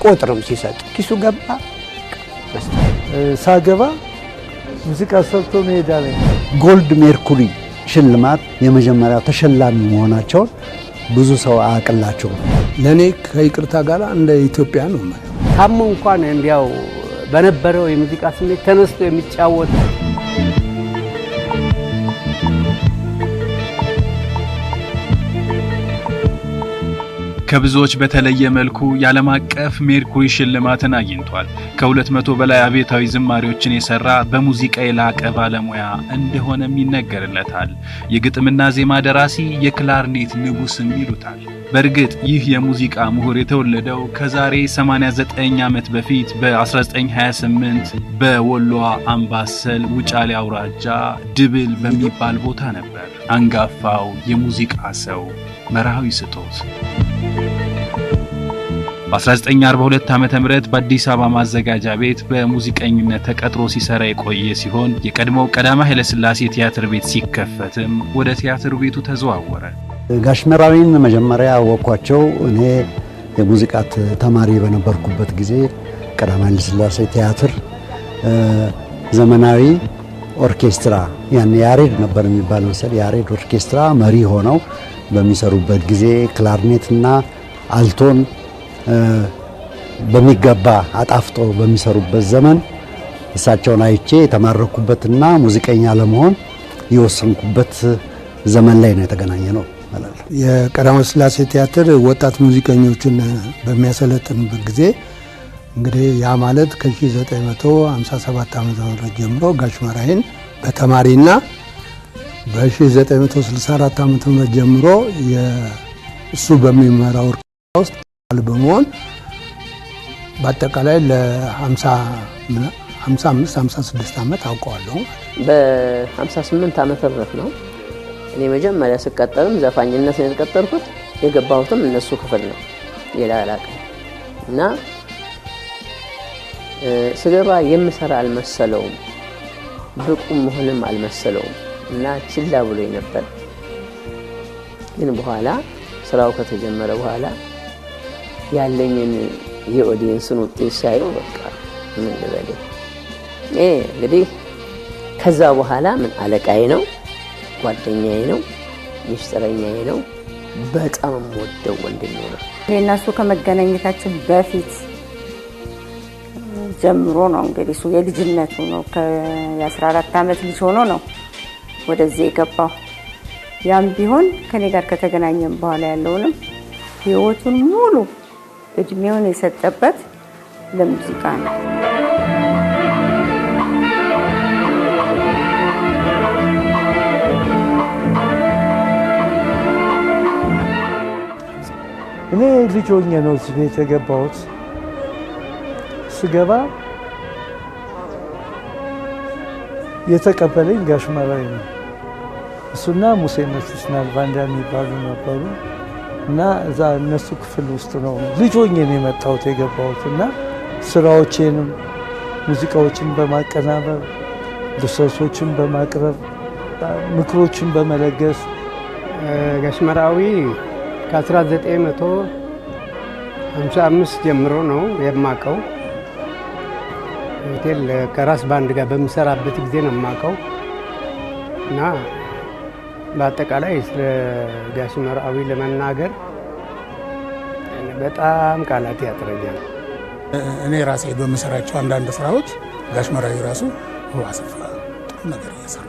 አይቆጥርም ሲሰጥ ኪሱ ገባ ሳገባ ሙዚቃ ሰርቶ መሄዳ ላይ ጎልድ ሜርኩሪ ሽልማት የመጀመሪያ ተሸላሚ መሆናቸውን ብዙ ሰው አያውቅላቸውም። ለእኔ ከይቅርታ ጋር እንደ ኢትዮጵያ ነው ታሞ እንኳን እንዲያው በነበረው የሙዚቃ ስሜት ተነስቶ የሚጫወት ከብዙዎች በተለየ መልኩ የዓለም አቀፍ ሜርኩሪ ሽልማትን አግኝቷል። ከ200 በላይ አቤታዊ ዝማሪዎችን የሰራ በሙዚቃ የላቀ ባለሙያ እንደሆነም ይነገርለታል። የግጥምና ዜማ ደራሲ፣ የክላርኔት ንጉስም ይሉታል። በእርግጥ ይህ የሙዚቃ ምሁር የተወለደው ከዛሬ 89 ዓመት በፊት በ1928 በወሎዋ አምባሰል ውጫሌ አውራጃ ድብል በሚባል ቦታ ነበር። አንጋፋው የሙዚቃ ሰው መርሃዊ ስጦት በ1942 ዓ.ም በአዲስ አበባ ማዘጋጃ ቤት በሙዚቀኝነት ተቀጥሮ ሲሰራ የቆየ ሲሆን የቀድሞው ቀዳማ ኃይለሥላሴ ቲያትር ቤት ሲከፈትም ወደ ቲያትር ቤቱ ተዘዋወረ። ጋሽመራዊን መጀመሪያ አወቅኳቸው። እኔ የሙዚቃ ተማሪ በነበርኩበት ጊዜ ቀዳማዊ ኃይለሥላሴ ቲያትር ዘመናዊ ኦርኬስትራ ያን ያሬድ ነበር የሚባል መሰል ያሬድ ኦርኬስትራ መሪ ሆነው በሚሰሩበት ጊዜ ክላርኔትና አልቶን በሚገባ አጣፍጦ በሚሰሩበት ዘመን እሳቸውን አይቼ የተማረኩበትና ሙዚቀኛ ለመሆን የወሰንኩበት ዘመን ላይ ነው የተገናኘ ነው። የቀዳማዊ ሥላሴ ቲያትር ወጣት ሙዚቀኞችን በሚያሰለጥንበት ጊዜ እንግዲህ ያ ማለት ከ1957 ዓ ም ጀምሮ ጋሽ መራሂን በተማሪና በ1964 ዓ ም ጀምሮ እሱ በሚመራው ውስጥ በመሆን በአጠቃላይ ለ55 56 ዓመት አውቀዋለሁ። በ58 ዓመተ ምህረት ነው እኔ መጀመሪያ ስቀጠርም ዘፋኝነት የተቀጠርኩት። የገባሁትም እነሱ ክፍል ነው ሌላ ላቅ እና ስገባ የምሰራ አልመሰለውም፣ ብቁ መሆንም አልመሰለውም እና ችላ ብሎ ነበር። ግን በኋላ ስራው ከተጀመረ በኋላ ያለኝን የኦዲየንስን ውጤት ሳየው በቃ ምን ልበል እንግዲህ ከዛ በኋላ ምን አለቃዬ ነው፣ ጓደኛዬ ነው፣ ሚስጥረኛዬ ነው። በጣም ወደው ወንድሜ ነው። እነሱ ከመገናኘታችን በፊት ጀምሮ ነው እንግዲህ እሱ የልጅነቱ ነው። የ14 ዓመት ልጅ ሆኖ ነው ወደዚህ የገባው። ያም ቢሆን ከኔ ጋር ከተገናኘም በኋላ ያለውንም ህይወቱን ሙሉ እድሜውን የሰጠበት ለሙዚቃ ነው። እኔ ልጅ ሆኜ ነው እዚህ የተገባሁት። ስገባ የተቀበለኝ ጋሽ መራዊ ነው። እሱና ሙሴ መስስናል ባንዳ የሚባሉ ነበሩ። እና እዛ እነሱ ክፍል ውስጥ ነው ልጆኝ ሆኜ ነው የመጣሁት የገባሁት እና ስራዎቼንም ሙዚቃዎችን በማቀናበር ድርሰቶችን በማቅረብ ምክሮችን በመለገስ ጋሽ ከ1955 ጀምሮ ነው የማቀው። ሆቴል ከራስ ባንድ ጋር በምሰራበት ጊዜ ነው የማቀው እና በአጠቃላይ ስለ ጋሽ መርአዊ ለመናገር በጣም ቃላት ያጥረኛል። እኔ ራሴ በምሰራቸው አንዳንድ ስራዎች ጋሽ መርዓዊ ራሱ አሰፋ ጥሩ ነገር እየሰራል።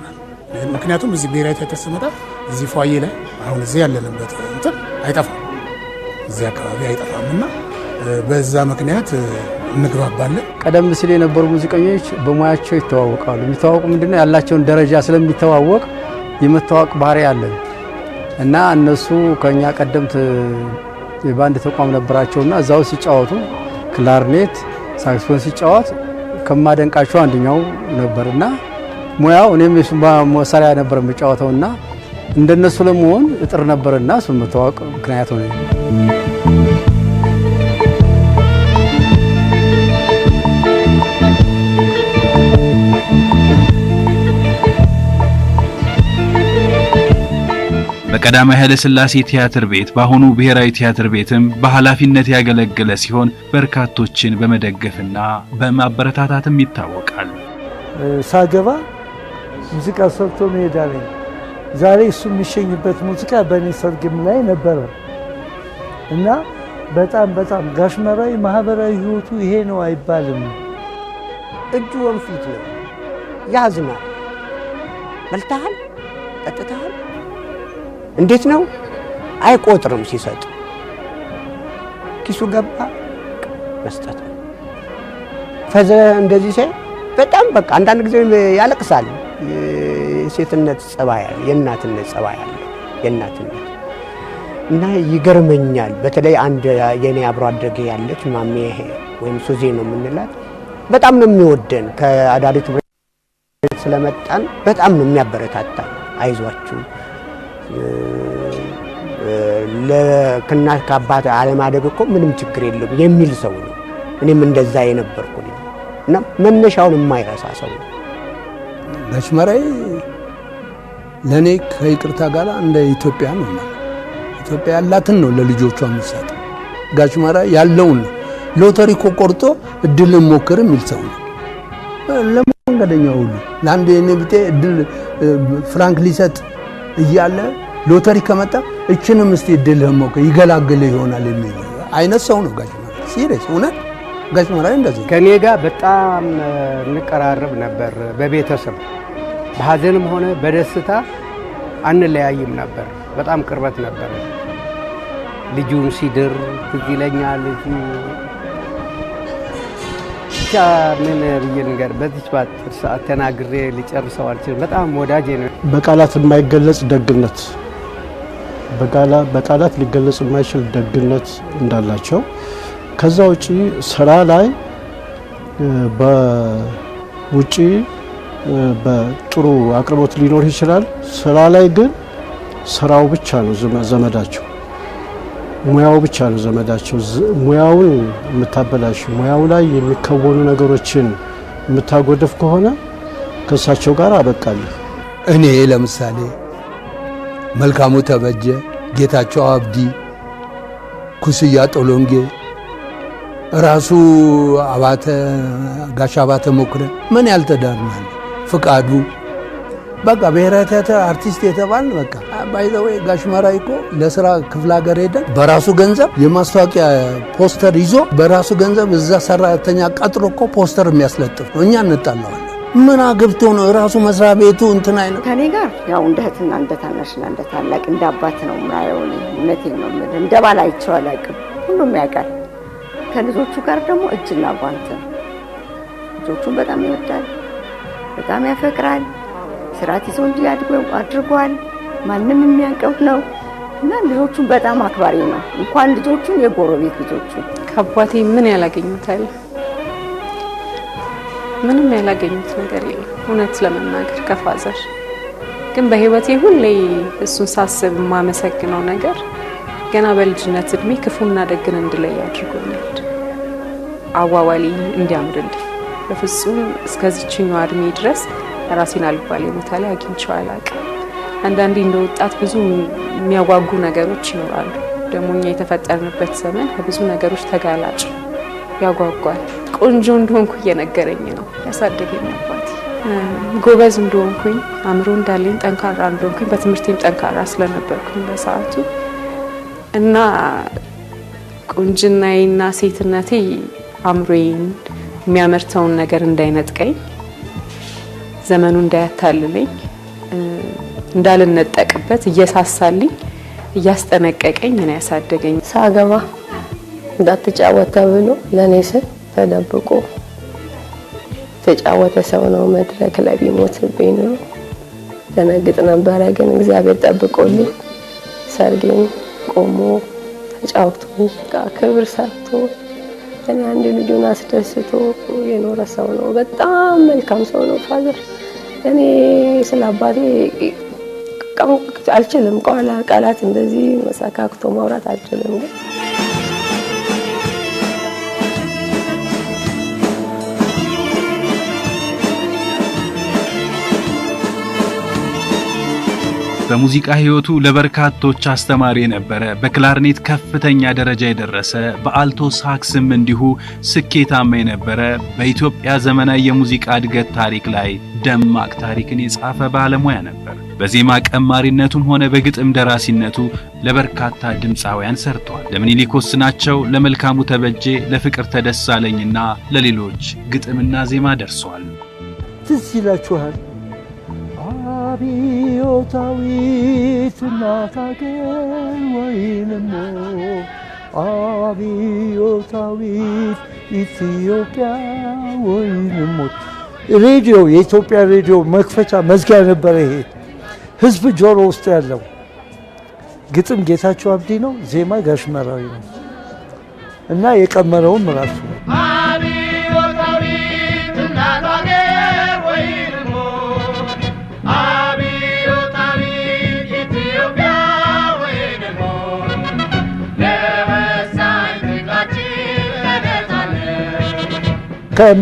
ምክንያቱም እዚህ ብሔራዊ ቴአትር ስመጣ እዚህ ፏዬ ላይ አሁን እዚህ ያለንበት እንትን አይጠፋም፣ እዚህ አካባቢ አይጠፋም እና በዛ ምክንያት እንግባባለን። ቀደም ሲል የነበሩ ሙዚቀኞች በሙያቸው ይተዋወቃሉ። የሚተዋወቁ ምንድነው ያላቸውን ደረጃ ስለሚተዋወቅ የመታወቅ ባህሪ አለን እና እነሱ ከኛ ቀደምት የባንድ ተቋም ነበራቸው እና እዛው ሲጫወቱ ክላርኔት፣ ሳክስፎን ሲጫወት ከማደንቃቸው አንደኛው እና ሙያው እኔም መሳሪያ ነበር የምጫወተው እና እንደነሱ ለመሆን እጥር ነበርና እሱ መታወቅ ምክንያት ሆነ። በቀዳማዊ ኃይለ ሥላሴ ቲያትር ቤት በአሁኑ ብሔራዊ ቲያትር ቤትም በኃላፊነት ያገለገለ ሲሆን በርካቶችን በመደገፍና በማበረታታትም ይታወቃል። ሳገባ ሙዚቃ ሰርቶ መሄድ አለኝ። ዛሬ እሱ የሚሸኝበት ሙዚቃ በእኔ ሰርግም ላይ ነበረ እና በጣም በጣም ጋሽመራዊ ማህበራዊ ህይወቱ ይሄ ነው አይባልም። እጁ ወንፊት ነው። ያዝናል። በልተሃል፣ ጠጥተሃል እንዴት ነው አይቆጥርም። ሲሰጥ ኪሱ ገባ መስጠት ፈዘ እንደዚህ ሳይ በጣም በቃ አንዳንድ ጊዜ ያለቅሳል። የሴትነት ጸባይ የእናትነት ጸባይ አለ። የእናትነት እና ይገርመኛል። በተለይ አንድ የኔ አብሮ አደገ ያለች ማሜ ወይም ሱዜ ነው የምንላት በጣም ነው የሚወደን። ከአዳሪ ትምህርት ስለመጣን በጣም ነው የሚያበረታታ አይዟችሁ ከእናት ከአባት አለማደግ እኮ ምንም ችግር የለም የሚል ሰው ነው። እኔም እንደዛ የነበርኩ እና መነሻውን የማይረሳ ሰው ነው። መችመራይ ለእኔ ከይቅርታ ጋር እንደ ኢትዮጵያ ነው። ኢትዮጵያ ያላትን ነው ለልጆቿ ምሳት ጋችመራ ያለውን ነው። ሎተሪ እኮ ቆርጦ እድል ሞክር የሚል ሰው ነው። ለመንገደኛ ሁሉ ለአንድ የኔ እድል ፍራንክ ሊሰጥ እያለ ሎተሪ ከመጣ እችንም እስቲ እድልህን ሞ ይገላግል ይሆናል የሚል አይነት ሰው ነው ጋሽ መራ ሲሪየስ እውነት ጋሽ መራ እንደዚህ ከእኔ ጋር በጣም እንቀራረብ ነበር። በቤተሰብ በሀዘንም ሆነ በደስታ አንለያይም ነበር። በጣም ቅርበት ነበር። ልጁን ሲድር ትዝ ይለኛል። ብቻ ምን ብዬ በዚች ሰዓት ተናግሬ ሊጨርሰው አልችልም። በጣም ወዳጄ ነው። በቃላት የማይገለጽ ደግነት፣ በቃላት ሊገለጽ የማይችል ደግነት እንዳላቸው ከዛ ውጪ ስራ ላይ በውጪ በጥሩ አቅርቦት ሊኖር ይችላል። ስራ ላይ ግን ስራው ብቻ ነው ዘመዳቸው። ሙያው ብቻ ነው ዘመዳቸው። ሙያውን የምታበላሽ ሙያው ላይ የሚከወኑ ነገሮችን የምታጎደፍ ከሆነ ከእሳቸው ጋር አበቃለሁ። እኔ ለምሳሌ መልካሙ ተበጀ፣ ጌታቸው አብዲ፣ ኩስያ ጦሎንጌ፣ ራሱ አባተ ጋሽ አባተ ሞክረ ምን ያልተዳርናል ፍቃዱ በቃ ብሔራዊ ቲያትር አርቲስት የተባል በቃ ባይዘወ ጋሽ መራዊ እኮ ለስራ ክፍለ ሀገር ሄደን በራሱ ገንዘብ የማስታወቂያ ፖስተር ይዞ በራሱ ገንዘብ እዛ ሰራተኛ ቀጥሮ እኮ ፖስተር የሚያስለጥፍ ነው። እኛ እንጣለዋለን። ምን አግብቶ ነው እራሱ መስሪያ ቤቱ እንትን አይነው ከኔ ጋር ያው እንደ እህትና እንደ ታናሽና እንደ ታላቅ እንደ አባት ነው የማየው። እውነቴን ነው የምልህ፣ እንደ ባል አይቼው አላውቅም። ሁሉም ያውቃል። ከልጆቹ ጋር ደግሞ እጅና ጓንት ልጆቹን በጣም ይወዳል፣ በጣም ያፈቅራል። ስርዓት ይዘው እንዲያድጉ አድርጓል። ማንም የሚያውቀው ነው እና ልጆቹን በጣም አክባሪ ነው። እንኳን ልጆቹን የጎረቤት ልጆቹን ከአባቴ ምን ያላገኙታል? ምንም ያላገኙት ነገር የለም። እውነት ለመናገር ከፋዘር ግን በህይወቴ ሁሌ እሱን ሳስብ የማመሰግነው ነገር ገና በልጅነት እድሜ ክፉና ደግን እንድለይ አድርጎኛል። አዋዋሌ እንዲ በፍጹም እስከዚችኛው እድሜ ድረስ ራሴን አልባሌ ቦታ ላይ አግኝቼው አላውቅም። አንዳንዴ እንደ ወጣት ብዙ የሚያጓጉ ነገሮች ይኖራሉ። ደግሞ እኛ የተፈጠርንበት ዘመን ከብዙ ነገሮች ተጋላጭ ያጓጓል። ቆንጆ እንደሆንኩ እየነገረኝ ነው ያሳደገኝ አባቴ። ጎበዝ እንደሆንኩኝ አእምሮ እንዳለኝ ጠንካራ እንደሆንኩኝ በትምህርቴም ጠንካራ ስለነበርኩኝ በሰዓቱ እና ቁንጅናዬና ሴትነቴ አእምሮዬን የሚያመርተውን ነገር እንዳይነጥቀኝ ዘመኑ እንዳያታልለኝ እንዳልነጠቅበት እየሳሳልኝ እያስጠነቀቀኝ ነው ያሳደገኝ። ሳገባ እንዳትጫወት ተብሎ ለእኔ ስል ተደብቆ ተጫወተ ሰው ነው መድረክ ላይ ቢሞትብኝ ነው ደነግጥ ነበረ። ግን እግዚአብሔር ጠብቆልኝ ሰርጌን ቆሞ ተጫውቶ ክብር ሰርቶ እኔ አንድ ልጁን አስደስቶ የኖረ ሰው ነው። በጣም መልካም ሰው ነው ፋዘር። እኔ ስለ አባቴ አልችልም። ቃላት እንደዚህ መሰካክቶ ማውራት አልችልም ግን በሙዚቃ ሕይወቱ ለበርካቶች አስተማሪ የነበረ በክላርኔት ከፍተኛ ደረጃ የደረሰ በአልቶ ሳክስም እንዲሁ ስኬታማ የነበረ በኢትዮጵያ ዘመናዊ የሙዚቃ እድገት ታሪክ ላይ ደማቅ ታሪክን የጻፈ ባለሙያ ነበር። በዜማ ቀማሪነቱም ሆነ በግጥም ደራሲነቱ ለበርካታ ድምፃውያን ሰርቷል። ለምኒልክ ወስናቸው፣ ለመልካሙ ተበጄ፣ ለፍቅር ተደሳለኝና ለሌሎች ግጥምና ዜማ ደርሷል። ትዝ ይላችኋል አብዮታዊት እናት አገር ወይንም አብዮታዊት ኢትዮጵያ ወይንም ሬዲዮ የኢትዮጵያ ሬዲዮ መክፈቻ መዝጊያ ነበረ። ይሄ ህዝብ ጆሮ ውስጥ ያለው ግጥም ጌታቸው አብዲ ነው፣ ዜማ ጋሽ መራዊ ነው እና የቀመረውም ራሱ ነው።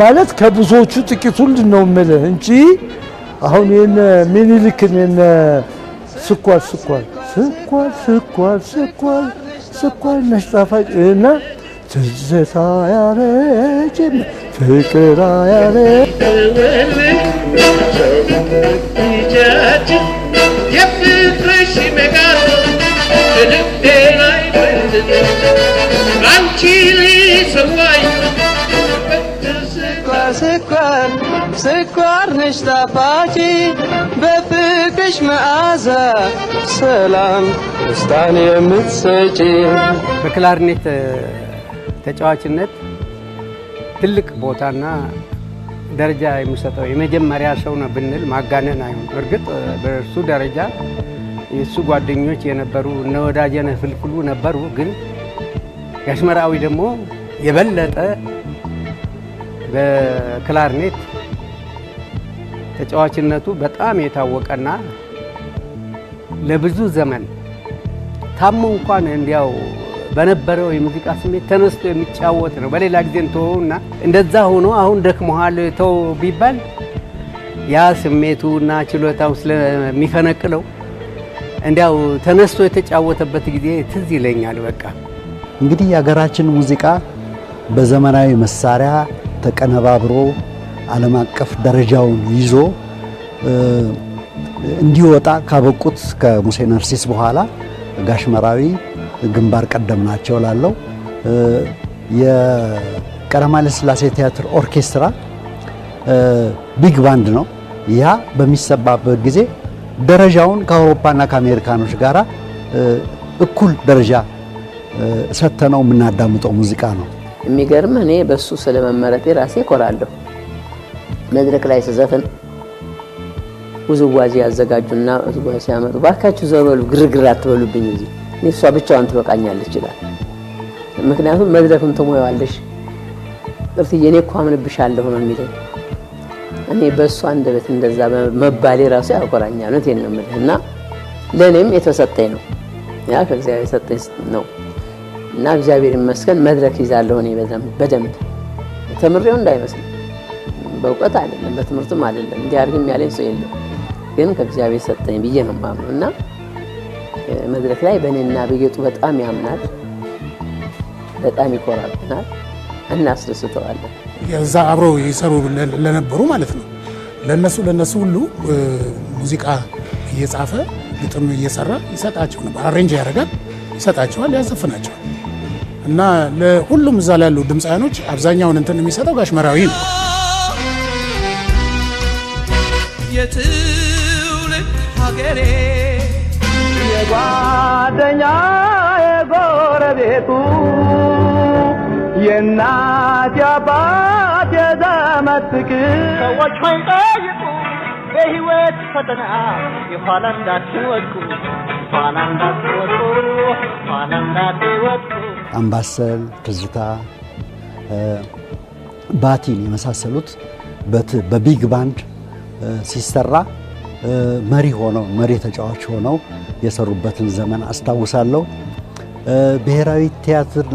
ማለት ከብዙዎቹ ጥቂቱን ነው የምልህ እንጂ አሁን የእነ ሚኒልክን የእነ ስኳር ስኳር ስኳር ስኳር ስኳር ስኳር ነሽ ጣፋጭ እና ትዝታ ያለች ፍቅር ያለ አንቺ ልሰዋኝ ስኳር ስኳር ስኳር ነሽ ጣፋጭ በፍቅሽ መዓዛ ሰላም ደስታን የምትሰጪ። በክላርኔት ተጫዋችነት ትልቅ ቦታና ደረጃ የሚሰጠው የመጀመሪያ ሰው ነው ብንል ማጋነን አይሆን። እርግጥ በእርሱ ደረጃ የእሱ ጓደኞች የነበሩ እነ ወዳጀነህ ፍልፍሉ ነበሩ፣ ግን ጋሽ ደግሞ የበለጠ በክላርኔት ተጫዋችነቱ በጣም የታወቀና ለብዙ ዘመን ታሞ እንኳን እንዲያው በነበረው የሙዚቃ ስሜት ተነስቶ የሚጫወት ነው። በሌላ ጊዜ እንትሆኑና እንደዛ ሆኖ አሁን ደክመሃል ተው ቢባል ያ ስሜቱና ችሎታው ስለሚፈነቅለው እንዲያው ተነስቶ የተጫወተበት ጊዜ ትዝ ይለኛል። በቃ እንግዲህ የሀገራችን ሙዚቃ በዘመናዊ መሳሪያ ተቀነባብሮ ዓለም አቀፍ ደረጃውን ይዞ እንዲወጣ ካበቁት ከሙሴ ነርሲስ በኋላ ጋሽ መራዊ ግንባር ቀደም ናቸው ላለው የቀዳማዊ ሥላሴ ቲያትር ኦርኬስትራ ቢግ ባንድ ነው። ያ በሚሰባበት ጊዜ ደረጃውን ከአውሮፓና ከአሜሪካኖች ጋር እኩል ደረጃ ሰጥተነው የምናዳምጠው ሙዚቃ ነው። የሚገርም እኔ በሱ ስለመመረጤ ራሴ እኮራለሁ። መድረክ ላይ ስዘፍን ውዝዋዜ ያዘጋጁና ውዝዋዜ ሲያመጡ ባካችሁ ዘበሉ ግርግር አትበሉብኝ፣ እዚህ እኔ እሷ ብቻዋን ትበቃኛለች ይላል። ምክንያቱም መድረክም ትሞያዋለሽ ጥርትዬ፣ እኔ እኮ አምንብሻለሁ ነው የሚለኝ። እኔ በእሱ አንድ በት እንደዛ መባሌ ራሱ ያኮራኛል። እውነቴን ነው የምልህ እና ለእኔም የተሰጠኝ ነው ያ ከእግዚአብሔር የሰጠኝ ነው። እና እግዚአብሔር ይመስገን መድረክ ይዛለሁ እኔ በደንብ ተምሬው እንዳይመስል በእውቀት አይደለም በትምህርቱም አይደለም እንዲህ አድርግም ያለኝ ሰው የለም። ግን ከእግዚአብሔር ሰጠኝ ብዬ ነው የማምነው እና መድረክ ላይ በእኔና በጌጡ በጣም ያምናል፣ በጣም ይኮራብናል፣ እናስደስተዋለን። እዛ አብረው ይሰሩ ለነበሩ ማለት ነው ለነሱ ለነሱ ሁሉ ሙዚቃ እየጻፈ ግጥም እየሰራ ይሰጣቸው ነበር። አሬንጅ ያደርጋል፣ ይሰጣቸዋል፣ ያዘፍናቸዋል። እና ለሁሉም እዛ ላይ ድምፃያኖች አብዛኛውን እንትን የሚሰጠው ጋሽ መራዊ ነው። የትውልድ ሀገሬ የጓደኛ የጎረቤቱ የእናት የአባት የዘመድ ፍቅር ሰዎች ሆይ ጠይቁ ፈተና የኋላ እንዳትወድቁ ኋላ እንዳትወድቁ ኋላ እንዳትወድቁ አምባሰል፣ ትዝታ፣ ባቲን የመሳሰሉት በቢግ ባንድ ሲሰራ መሪ ሆነው መሪ ተጫዋች ሆነው የሰሩበትን ዘመን አስታውሳለሁ። ብሔራዊ ቲያትር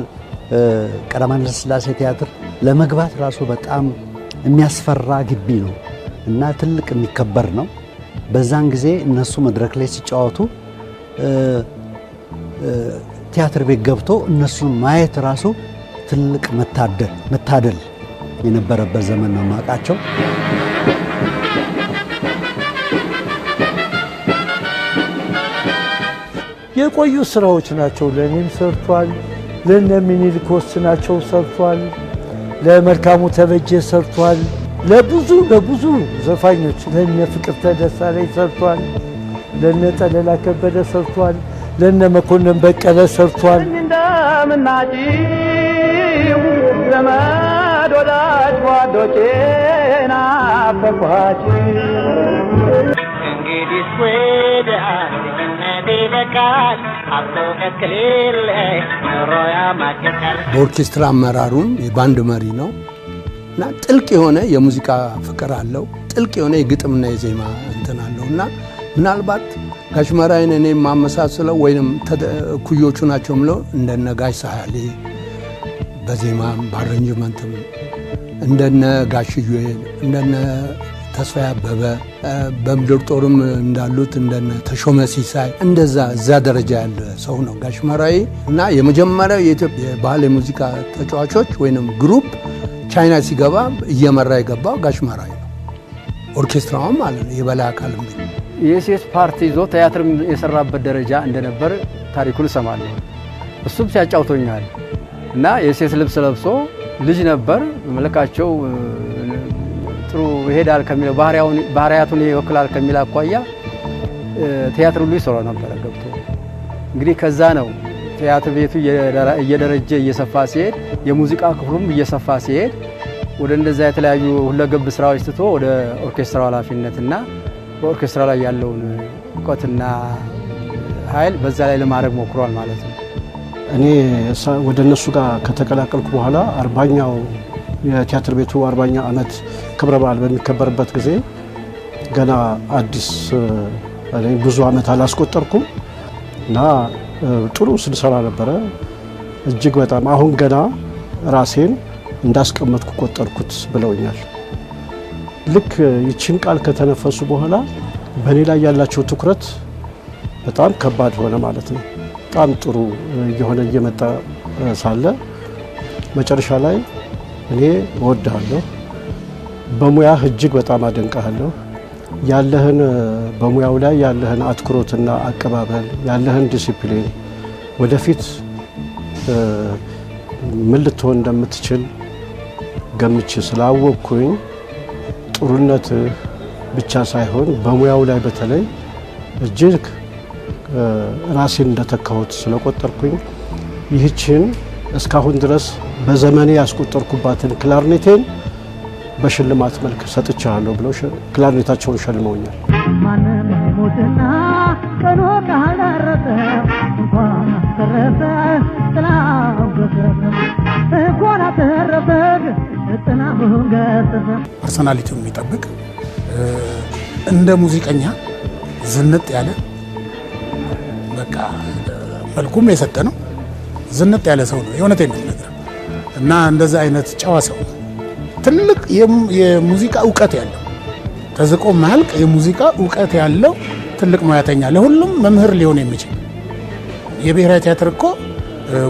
ቀዳማዊ ሥላሴ ቲያትር ለመግባት ራሱ በጣም የሚያስፈራ ግቢ ነው እና ትልቅ የሚከበር ነው። በዛን ጊዜ እነሱ መድረክ ላይ ሲጫወቱ ቲያትር ቤት ገብቶ እነሱን ማየት ራሱ ትልቅ መታደል መታደል የነበረበት ዘመን ነው ማውቃቸው። የቆዩ ስራዎች ናቸው። ለእኔም ሰርቷል። ለነ ምኒልክ ወስናቸው ሰርቷል። ለመልካሙ ተበጀ ሰርቷል። ለብዙ ለብዙ ዘፋኞች ለእነ ፍቅርተ ደሳለኝ ሰርቷል። ለነ ጠለላ ከበደ ሰርቷል። ለነ መኮንን በቀለ ሰርቷል። በኦርኬስትራ አመራሩም የባንድ መሪ ነው እና ጥልቅ የሆነ የሙዚቃ ፍቅር አለው። ጥልቅ የሆነ የግጥምና የዜማ እንትን አለው እና ምናልባት ጋሽመራይን እኔ የማመሳስለው ወይም ኩዮቹ ናቸው ምለው እንደነ ጋሽ ሳህሌ በዜማም በአረንጅመንትም እንደነ ጋሽዮን እንደነ ተስፋ አበበ በምድር ጦርም እንዳሉት እንደነ ተሾመ ሲሳይ እንደዛ እዛ ደረጃ ያለ ሰው ነው ጋሽመራይ እና የመጀመሪያው የኢትዮጵያ የባህል የሙዚቃ ተጫዋቾች ወይም ግሩፕ ቻይና ሲገባ እየመራ የገባው ጋሽመራይ ነው። ኦርኬስትራውም ማለት ነው የበላይ አካል የሴት ፓርቲ ይዞ ቲያትርም የሰራበት ደረጃ እንደነበር ታሪኩን እሰማለሁ። እሱም ሲያጫውቶኛል እና የሴት ልብስ ለብሶ ልጅ ነበር መልካቸው ጥሩ ይሄዳል ከሚለው ባህሪያቱን ይወክላል ከሚል አኳያ ቲያትር ሁሉ ይሰራ ነበረ ገብቶ እንግዲህ ከዛ ነው ቲያትር ቤቱ እየደረጀ እየሰፋ ሲሄድ የሙዚቃ ክፍሉም እየሰፋ ሲሄድ ወደ እንደዛ የተለያዩ ሁለገብ ስራዎች ትቶ ወደ ኦርኬስትራ ኃላፊነትና በኦርኬስትራ ላይ ያለውን እውቀትና ኃይል በዛ ላይ ለማድረግ ሞክሯል ማለት ነው። እኔ ወደ እነሱ ጋር ከተቀላቀልኩ በኋላ አርባኛው የቲያትር ቤቱ አርባኛ ዓመት ክብረ በዓል በሚከበርበት ጊዜ ገና አዲስ ብዙ ዓመት አላስቆጠርኩም እና ጥሩ ስንሰራ ነበረ። እጅግ በጣም አሁን ገና ራሴን እንዳስቀመጥኩ ቆጠርኩት ብለውኛል። ልክ ይችን ቃል ከተነፈሱ በኋላ በእኔ ላይ ያላቸው ትኩረት በጣም ከባድ ሆነ ማለት ነው። በጣም ጥሩ እየሆነ እየመጣ ሳለ መጨረሻ ላይ እኔ እወድሃለሁ፣ በሙያህ እጅግ በጣም አደንቀሃለሁ፣ ያለህን በሙያው ላይ ያለህን አትኩሮትና አቀባበል፣ ያለህን ዲሲፕሊን፣ ወደፊት ምን ልትሆን እንደምትችል ገምቼ ስላወቅኩኝ ጥሩነት ብቻ ሳይሆን በሙያው ላይ በተለይ እጅግ ራሴን እንደተካሁት ስለቆጠርኩኝ ይህችን እስካሁን ድረስ በዘመኔ ያስቆጠርኩባትን ክላርኔቴን በሽልማት መልክ ሰጥቻለሁ ብለው ክላርኔታቸውን ሸልመውኛል። ቀኖ እንኳን ጥላ ፐርሶናሊቲውን የሚጠብቅ እንደ ሙዚቀኛ ዝንጥ ያለ በቃ መልኩም የሰጠ ነው። ዝንጥ ያለ ሰው ነው የእውነት የሚል ነገር እና እንደዚህ አይነት ጨዋ ሰው ትልቅ የሙዚቃ እውቀት ያለው ተዝቆ ማያልቅ የሙዚቃ እውቀት ያለው ትልቅ ሙያተኛ፣ ለሁሉም መምህር ሊሆን የሚችል የብሔራዊ ቲያትር እኮ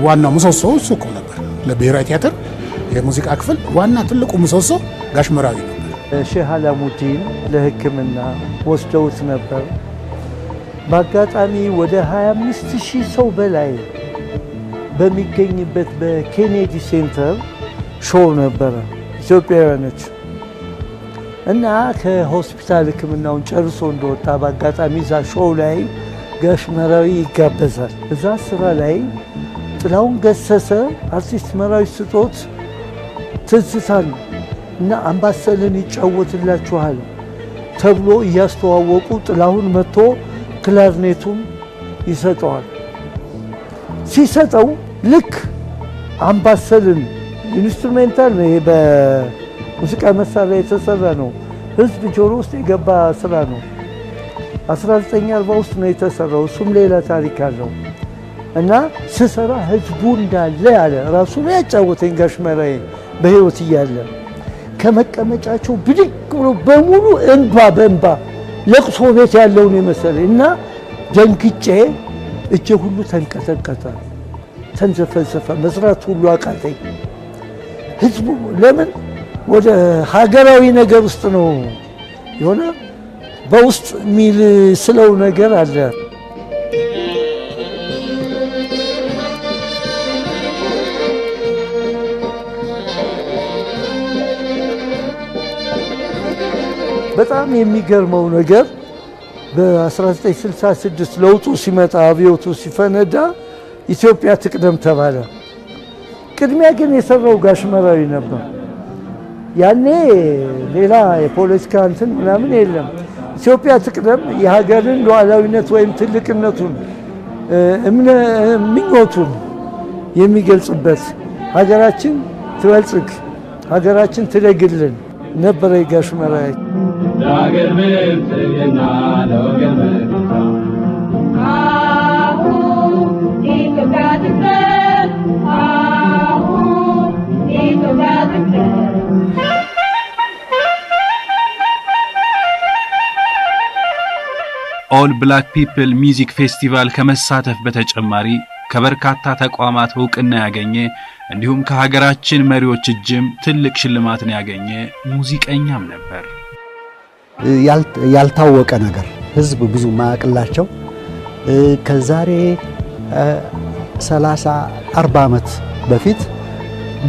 ዋናው ምሰሶ እሱ እኮ ነበር ለብሔራዊ ቲያትር የሙዚቃ ክፍል ዋና ትልቁ ምሰሶ ጋሽ መራዊ ነበር። ሼህ አላሙዲን ለሕክምና ወስደውት ነበር። በአጋጣሚ ወደ 25 ሺህ ሰው በላይ በሚገኝበት በኬኔዲ ሴንተር ሾው ነበረ። ኢትዮጵያውያኖች እና ከሆስፒታል ሕክምናውን ጨርሶ እንደወጣ በአጋጣሚ እዛ ሾው ላይ ጋሽ መራዊ ይጋበዛል። እዛ ስራ ላይ ጥላውን ገሰሰ፣ አርቲስት መራዊ ስጦት ትዝታ እና አምባሰልን ይጫወትላችኋል ተብሎ እያስተዋወቁ ጥላሁን መጥቶ ክላርኔቱም ይሰጠዋል። ሲሰጠው ልክ አምባሰልን ኢንስትሩሜንታል ነው፣ በሙዚቃ መሳሪያ የተሰራ ነው። ህዝብ ጆሮ ውስጥ የገባ ስራ ነው። 1940 ውስጥ ነው የተሰራው። እሱም ሌላ ታሪክ አለው እና ስሰራ ህዝቡ እንዳለ ያለ ራሱ ነው ያጫወተኝ ጋሽመራዬ በህይወት እያለ ከመቀመጫቸው ብድግ ብሎ በሙሉ እንባ በእንባ ለቅሶ ቤት ያለውን የመሰለ እና ደንግጬ እጄ ሁሉ ተንቀጠቀጠ፣ ተንዘፈዘፈ፣ መስራት ሁሉ አቃተኝ። ህዝቡ ለምን ወደ ሀገራዊ ነገር ውስጥ ነው የሆነ በውስጥ የሚል ስለው ነገር አለ። በጣም የሚገርመው ነገር በ1966 ለውጡ ሲመጣ አብዮቱ ሲፈነዳ ኢትዮጵያ ትቅደም ተባለ። ቅድሚያ ግን የሰራው ጋሽ መራዊ ነበር። ያኔ ሌላ የፖለቲካ እንትን ምናምን የለም። ኢትዮጵያ ትቅደም የሀገርን ሉዓላዊነት ወይም ትልቅነቱን ምኞቱን የሚገልጽበት ሀገራችን ትበልጽግ፣ ሀገራችን ትደግልን ነበረ የጋሽ መራዊ ለአገር ብልጽግና ለወገን ኦል ብላክ ፒፕል ሚዚክ ፌስቲቫል ከመሳተፍ በተጨማሪ ከበርካታ ተቋማት እውቅና ያገኘ እንዲሁም ከሀገራችን መሪዎች እጅም ትልቅ ሽልማትን ያገኘ ሙዚቀኛም ነበር። ያልታወቀ ነገር ህዝብ ብዙ ማያውቅላቸው ከዛሬ 30 40 ዓመት በፊት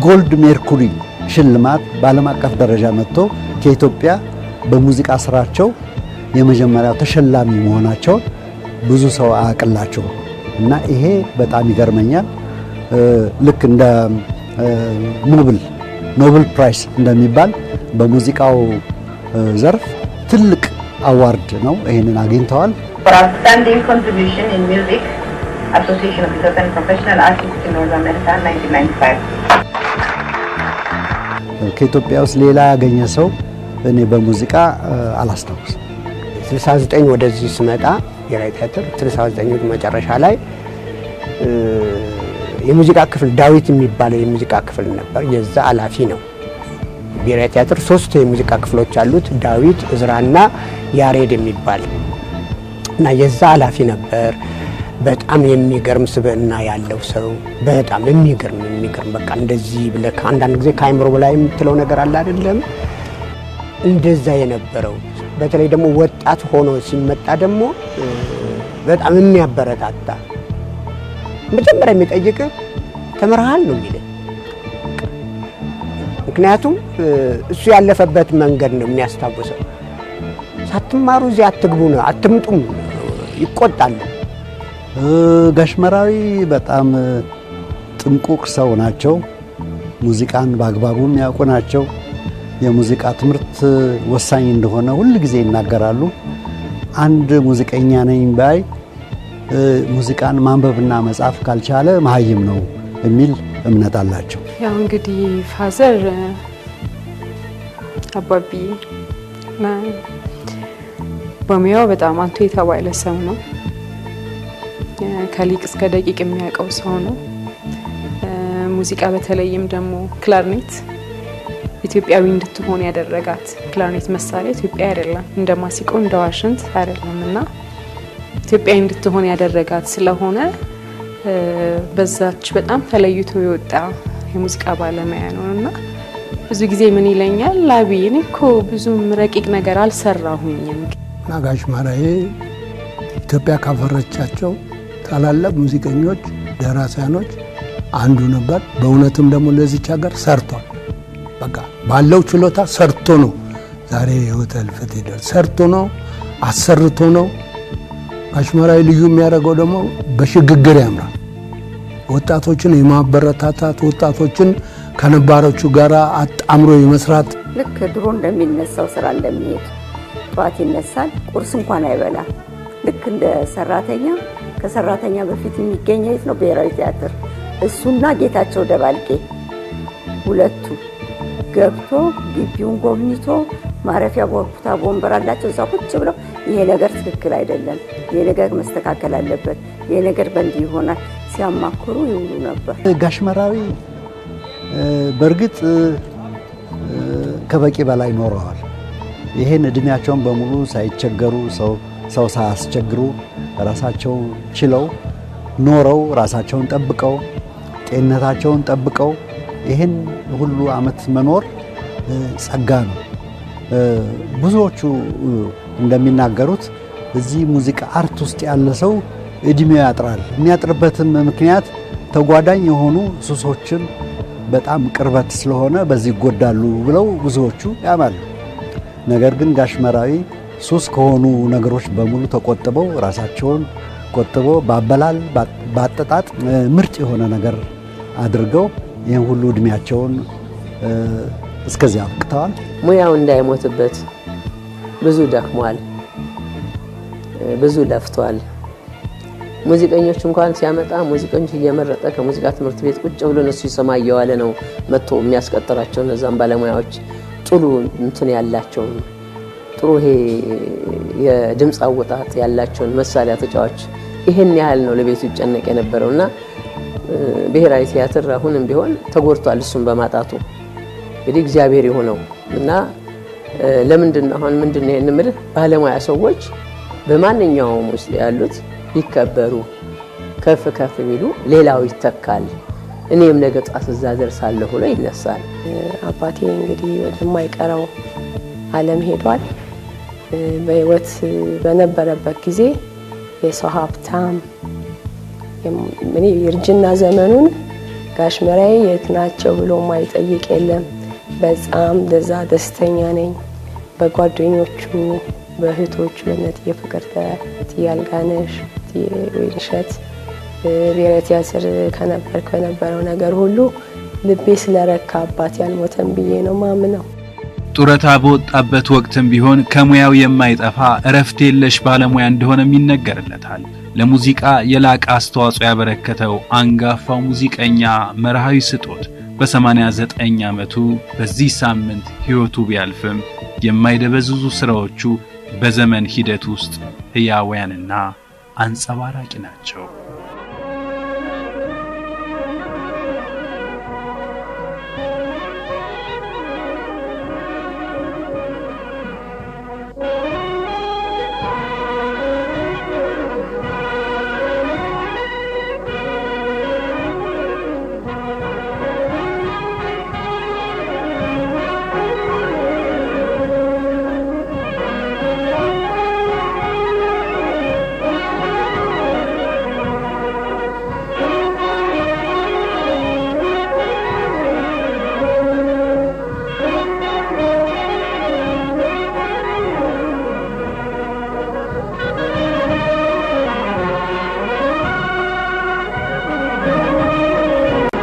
ጎልድ ሜርኩሪ ሽልማት በዓለም አቀፍ ደረጃ መጥቶ ከኢትዮጵያ በሙዚቃ ስራቸው የመጀመሪያው ተሸላሚ መሆናቸውን ብዙ ሰው አያውቅላቸው እና ይሄ በጣም ይገርመኛል። ልክ እንደ ኖብል ኖብል ፕራይስ እንደሚባል በሙዚቃው ዘርፍ ትልቅ አዋርድ ነው። ይህንን አግኝተዋል። ከኢትዮጵያ ውስጥ ሌላ ያገኘ ሰው እኔ በሙዚቃ አላስታውስም። 69 ወደዚህ ስመጣ ብሔራዊ ቲያትር 69 መጨረሻ ላይ የሙዚቃ ክፍል ዳዊት የሚባለው የሙዚቃ ክፍል ነበር። የዛ ኃላፊ ነው ብሔራዊ ቲያትር ሶስት የሙዚቃ ክፍሎች አሉት፣ ዳዊት፣ እዝራና ያሬድ የሚባል እና የዛ ኃላፊ ነበር። በጣም የሚገርም ስብዕና ያለው ሰው በጣም የሚገርም የሚገርም በቃ እንደዚህ ብለህ አንዳንድ ጊዜ ከአይምሮ በላይ የምትለው ነገር አለ አይደለም። እንደዛ የነበረው በተለይ ደግሞ ወጣት ሆኖ ሲመጣ ደግሞ በጣም የሚያበረታታ መጀመሪያ የሚጠይቅ ተምርሃል ነው የሚልህ ምክንያቱም እሱ ያለፈበት መንገድ ነው የሚያስታውሰው። ሳትማሩ እዚህ አትግቡ ነው አትምጡም ይቆጣሉ። ጋሽመራዊ በጣም ጥንቁቅ ሰው ናቸው። ሙዚቃን በአግባቡ የሚያውቁ ናቸው። የሙዚቃ ትምህርት ወሳኝ እንደሆነ ሁል ጊዜ ይናገራሉ። አንድ ሙዚቀኛ ነኝ ባይ ሙዚቃን ማንበብና መጻፍ ካልቻለ መሀይም ነው የሚል እምነት አላቸው። ያው እንግዲህ ፋዘር አባቢ በሙያው በጣም አንቱ የተባለ ሰው ነው። ከሊቅ እስከ ደቂቅ የሚያውቀው ሰው ነው። ሙዚቃ በተለይም ደግሞ ክላርኔት ኢትዮጵያዊ እንድትሆን ያደረጋት ክላርኔት መሳሪያ ኢትዮጵያ አይደለም፣ እንደ ማሲቆ እንደ ዋሽንት አይደለም እና ኢትዮጵያዊ እንድትሆን ያደረጋት ስለሆነ በዛች በጣም ተለይቶ የወጣ የሙዚቃ ባለሙያ ነው እና ብዙ ጊዜ ምን ይለኛል ላቢ እኔ እኮ ብዙም ረቂቅ ነገር አልሰራሁኝም። ናጋሽ ማራዬ ኢትዮጵያ ካፈረቻቸው ታላላቅ ሙዚቀኞች፣ ደራሲያኖች አንዱ ነበር። በእውነትም ደግሞ ለዚች ሀገር ሰርቷል። በቃ ባለው ችሎታ ሰርቶ ነው ዛሬ የህይወት ህልፈት ሰርቶ ነው አሰርቶ ነው። ጋሽ ማራዬ ልዩ የሚያደርገው ደግሞ በሽግግር ያምራል። ወጣቶችን የማበረታታት ወጣቶችን ከነባሮቹ ጋር አጣምሮ የመስራት ልክ ድሮ እንደሚነሳው ስራ እንደሚሄድ ጠዋት ይነሳል፣ ቁርስ እንኳን አይበላ። ልክ እንደ ሰራተኛ ከሰራተኛ በፊት የሚገኝ የት ነው? ብሔራዊ ቲያትር። እሱና ጌታቸው ደባልቄ ሁለቱ ገብቶ ግቢውን ጎብኝቶ ማረፊያ ቦታ ወንበር አላቸው። እዛ ቁጭ ብለው ይሄ ነገር ትክክል አይደለም፣ ይሄ ነገር መስተካከል አለበት፣ ይሄ ነገር በእንዲህ ይሆናል ሲያማክሩ ይውሉ ነበር። ጋሽመራዊ በእርግጥ ከበቂ በላይ ኖረዋል። ይህን እድሜያቸውን በሙሉ ሳይቸገሩ ሰው ሳያስቸግሩ ራሳቸው ችለው ኖረው ራሳቸውን ጠብቀው ጤንነታቸውን ጠብቀው ይህን ሁሉ ዓመት መኖር ጸጋ ነው። ብዙዎቹ እንደሚናገሩት እዚህ ሙዚቃ አርት ውስጥ ያለ ሰው እድሜው ያጥራል። የሚያጥርበትም ምክንያት ተጓዳኝ የሆኑ ሱሶችን በጣም ቅርበት ስለሆነ በዚህ ይጎዳሉ ብለው ብዙዎቹ ያማሉ። ነገር ግን ጋሽ መራዊ ሱስ ከሆኑ ነገሮች በሙሉ ተቆጥበው ራሳቸውን ቆጥበው ባበላል፣ ባጠጣጥ ምርጥ የሆነ ነገር አድርገው ይህን ሁሉ እድሜያቸውን እስከዚህ አብቅተዋል። ሙያው እንዳይሞትበት ብዙ ደክሟል፣ ብዙ ለፍቷል። ሙዚቀኞች እንኳን ሲያመጣ ሙዚቀኞች እየመረጠ ከሙዚቃ ትምህርት ቤት ቁጭ ብሎ እነሱ ይሰማ እየዋለ ነው መጥቶ የሚያስቀጥራቸው። እነዛም ባለሙያዎች ጥሩ እንትን ያላቸውን ጥሩ ይሄ የድምፅ አወጣጥ ያላቸውን መሳሪያ ተጫዋች ይህን ያህል ነው ለቤቱ ይጨነቅ የነበረው እና ብሔራዊ ቲያትር አሁንም ቢሆን ተጎድቷል። እሱም በማጣቱ እንግዲህ እግዚአብሔር የሆነው እና ለምንድን አሁን ምንድን ይሄን ባለሙያ ሰዎች በማንኛውም ውስጥ ያሉት ይከበሩ ከፍ ከፍ ቢሉ ሌላው ይተካል። እኔም ነገ ጧት እዛ ደርሳለሁ ብሎ ይነሳል። አባቴ እንግዲህ ወደማይቀረው ዓለም ሄዷል። በህይወት በነበረበት ጊዜ የሰው ሀብታም እኔ የእርጅና ዘመኑን ጋሽ መራዬ የት ናቸው ብሎ ማይጠይቅ የለም። በጣም ደዛ ደስተኛ ነኝ። በጓደኞቹ በእህቶቹ በእነ እትዬ ወይ ውሸት ብሔረት ያስር ከነበር ከነበረው ነገር ሁሉ ልቤ ስለረካ አባት ያልሞተን ብዬ ነው ማምነው። ጡረታ በወጣበት ወቅትም ቢሆን ከሙያው የማይጠፋ እረፍት የለሽ ባለሙያ እንደሆነም ይነገርለታል። ለሙዚቃ የላቀ አስተዋጽኦ ያበረከተው አንጋፋው ሙዚቀኛ መርሃዊ ስጦት በ89 ዓመቱ በዚህ ሳምንት ሕይወቱ ቢያልፍም የማይደበዝዙ ሥራዎቹ በዘመን ሂደት ውስጥ ሕያውያንና አንጸባራቂ ናቸው።